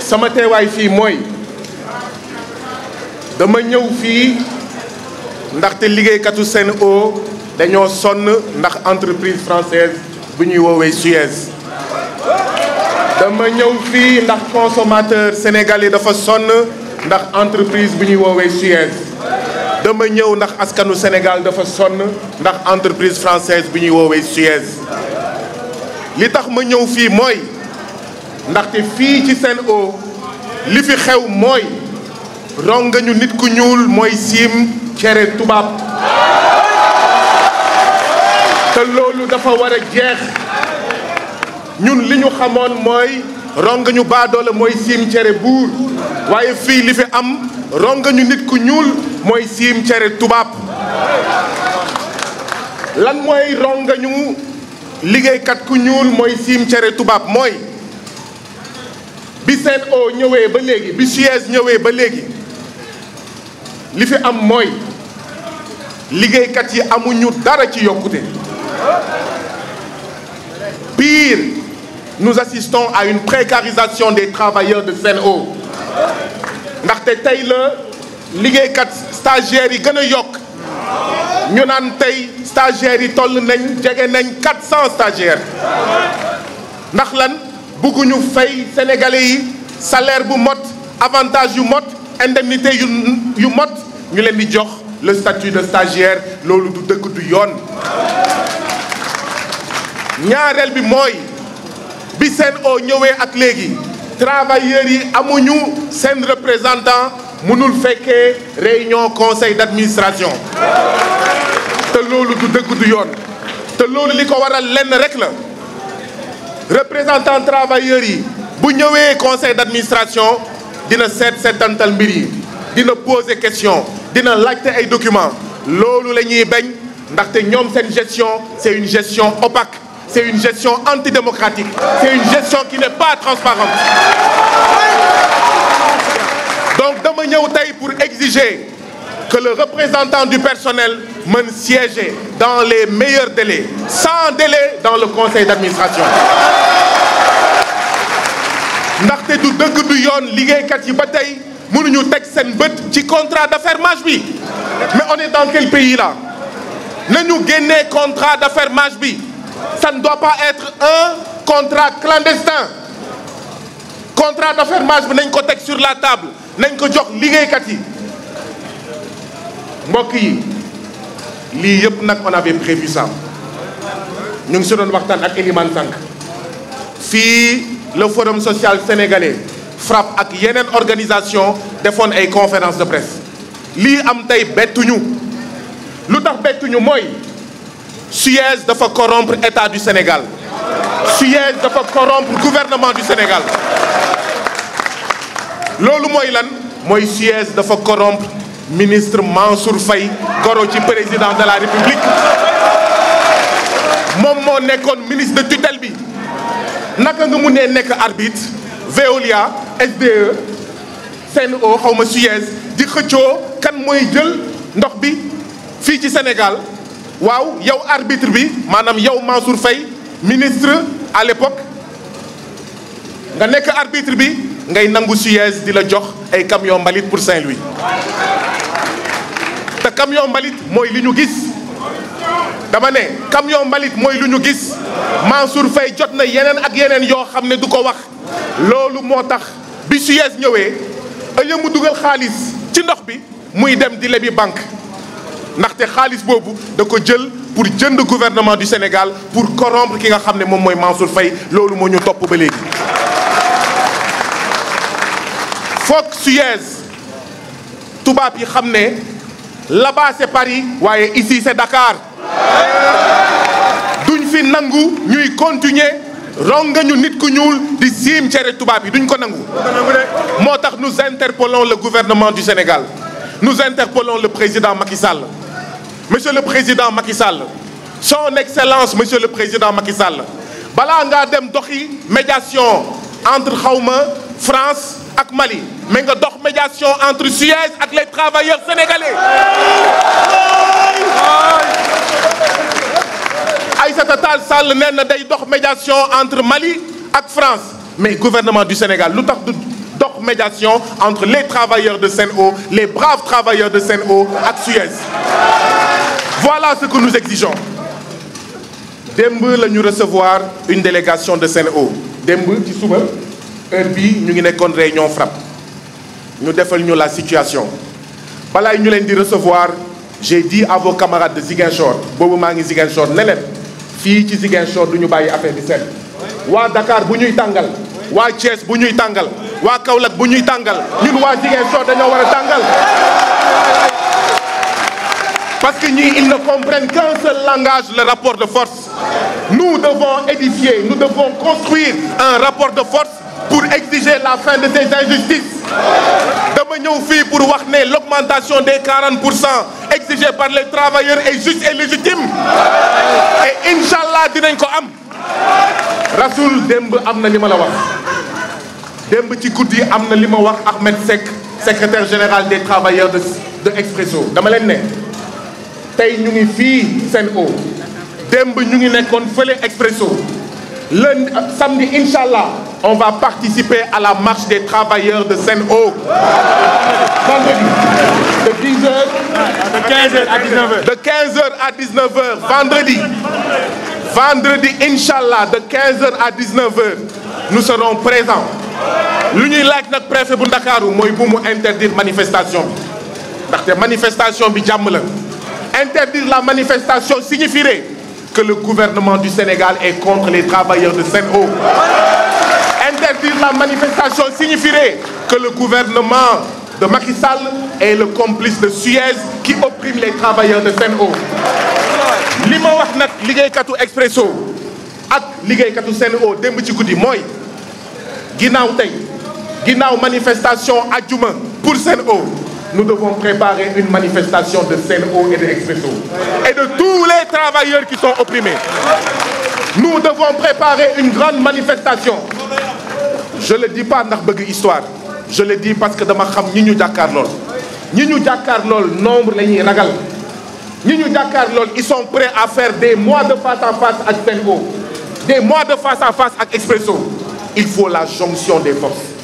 sama teewaay fii mooy dama ñëw fii ndaxte liggéeykatu Sen'Eau dañoo sonn ndax entreprise française bu ñuy woowee Suez dama ñëw fii ndax consommateur sénégalais dafa sonn ndax entreprise bu ñuy woowee Suez dama ñëw ndax askanu Sénégal dafa sonn ndax entreprise française bu ñuy woowee Suez li tax ma ñëw fii mooy ndaxte fii ci seen Sen'Eau li fi xew mooy rongañu nit ku ñuul mooy siim cere tubaab te loolu dafa war a jeex ñun li ñu xamoon mooy rongañu baadoole mooy siim cere buur waaye fii li fi am rongañu nit ku ñuul mooy siim cere tubaab lan mooy rongañu liggéeykat ku ñuul mooy siim cere tubaab mooy bi SEN'EAU ñëwee ba léegi bi SUEZ ñëwee ba léegi li fi am mooy liggéeykat yi amuñu dara ci yokkute pire nous assistons à une précarisation des travailleurs de SEN'EAU ndaxte tey la liggéeykat stagiaires yi gën a yokk ñu naan tey stagiaires yi toll nañ jege nañ quatre cent stagiaires ndax lan bugguñu fay sénégalais yi salaire bu mot avantage yu mot indemnité yu yu mot ñu leen di jox le statut de stagiaire loolu du dëkk du yoon ñaareel bi mooy bi seen o ñëwee ak léegi travailleurs yi amuñu seen représentant mënul fekkee réunion conseil d'administration te loolu du dëkk du yoon te loolu li ko waral lenn rek la représentant travailleurs yi bu ñëwee conseil d'administration dina seet seetantal mbir dina poser question dina laajte ay documents loolu la ñuy bañ ndaxte ñoom seen gestion c'est une gestion opaque c'est une gestion antidémocratique c'est une gestion qui n'est pas transparente donc dama ñëw tey pour exiger que le représentant du personnel mën siéger dans les meilleurs délais, sans délai dans le conseil d'administration. ndaxte du dëgg du yoon liggéeykat yi ba tey mënuñu teg seen bët ci contrat d'affermage bi mais on est dans quel pays là nañu génnee contrat d'affermage bi ça ne doit pas être un contrat clandestin contrat d'affermage bi nañ ko teg sur la table nañ ko jox liggéeykat yi mbokk yi lii yëpp nag on avait prévu ça ñu ngi si doon waxtaan ak Elimane Sànk fii le forum social sénégalais FRAPP ak yeneen organisation defoon ay conférence de presse lii am tey bettuñu lu tax bettuñu mooy Suez dafa corrompre état du Sénégal Suez dafa corrompre gouvernement du Sénégal loolu mooy lan mooy Suez dafa corrompre ministre Mansour fay goro ci président de la république moom moo nekkoon ministre de tutelle bi naka nga mu nee nekk arbitre Veolia SDE Sen'Eau xaw ma Suez di xëccoo kan mooy jël ndox bi fii ci Sénégal waaw yow arbitre bi maanaam yow Mansour fay ministre à l'époque nga nekk arbitre bi ngay nangu Suez di la jox ay camion mbalit pour Saint-Louis camion mbalit mooy li ñu gis dama ne camion mbalit mooy lu ñu gis Mansour Faye jot na yeneen ak yeneen yoo xam ne du ko wax loolu moo tax bi Suez ñëwee ëllëg mu dugal xaalis ci ndox bi muy dem di lebi banque ndaxte xaalis boobu da ko jël pour jënd gouvernement du Sénégal pour corrompre ki nga xam ne moom mooy Mansour Faye loolu moo ñu topp ba léegi foog Suez tubaab yi xam ne là-bas c'est Paris waaye ici c'est Dakar duñ fi nangu ñuy nga ñu nit ku ñuul di siim cere tubaab yi duñ ko nangu moo tax nous interpellons le gouvernement du Sénégal nous interpellons le président Macky Sall monsieur le président Macky Sall son excellence monsieur le président Macky Sall balaa ngaa dem doxi médiation entre xawma France ak Mali mais nga dox relation entre Suez ak les travailleurs sénégalais Aïssata Tall Sall nee na day dox médiation entre Mali ak France mais gouvernement du Sénégal lu tax du médiation entre les travailleurs de Sen'Eau les braves travailleurs de Sen'Eau ak Suez voilà ce que nous exigeons démb la ñu recevoir une délégation de Sen'Eau démb ci suba heure bii ñu ngi nekkoon réunion FRAPP ñu defal ñu la situation balaay ñu leen di recevoir j'ai dit à vos camarades de Ziguinchor boobu maa ngi Ziguinchor ne leen fii ci Ziguinchor du ñu bàyyi affaire bi seen waa Dakar bu ñuy tàngal waa Thiès bu ñuy tàngal waa Kaolack bu ñuy tàngal ñun waa Ziguinchor dañoo war a tàngal parce que ñii ils ne comprennent qu'un seul langage le rapport de force nous devons édifier nous devons construire un rapport de force pour exiger la fin de ces injustices dama ñëw fii pour wax ne l'augmentation des 40 pour cent exigée par les travailleurs est juste et légitime et inchallah dinañ ko am Rasoul démb am na li ma la wax démb ci guddi am na li ma wax Ahmed Seck secrétaire général des travailleurs de de Expresso dama leen ne tey ñu ngi fii Sen'Eau démb ñu ngi nekkoon fële Expresso lundi samedi inchallah on va participer à la marche des travailleurs de Sen'Eau. Vendredi, de 10h à 19 De 15h de 15h à 19h, nous serons lu ñuy laaj nag préfet bu Ndakaaru mooy bu manifestation ndaxte manifestation bi jàmm la la manifestation signifierait que le Sénégal est contre Interdire la manifestation signifierait que le gouvernement de Macky Sall est le complice de Suez qui opprime les travailleurs de Sen'Eau li ma wax nag liggéeykatu Expresso ak liggéeykatu Sen'Eau démb ci guddi mooy ginnaaw tey ginnaaw manifestation ajuma pour Sen'Eau nous devons préparer une manifestation de Sen'Eau et de Expresso et de tous les travailleurs qui sont opprimés nous devons préparer une grande manifestation je le dis pas ndax bëgg histoire je le dis parce que dama xam ñi ñu jàkkaar lool ñi ñu jàkkaar lool nombre la ñuy ragal ñi ñu jàkkaar lool ils sont prêts à faire des mois de face à face ak Bengo des mois de face à face ak Expresso il faut la jonction des forces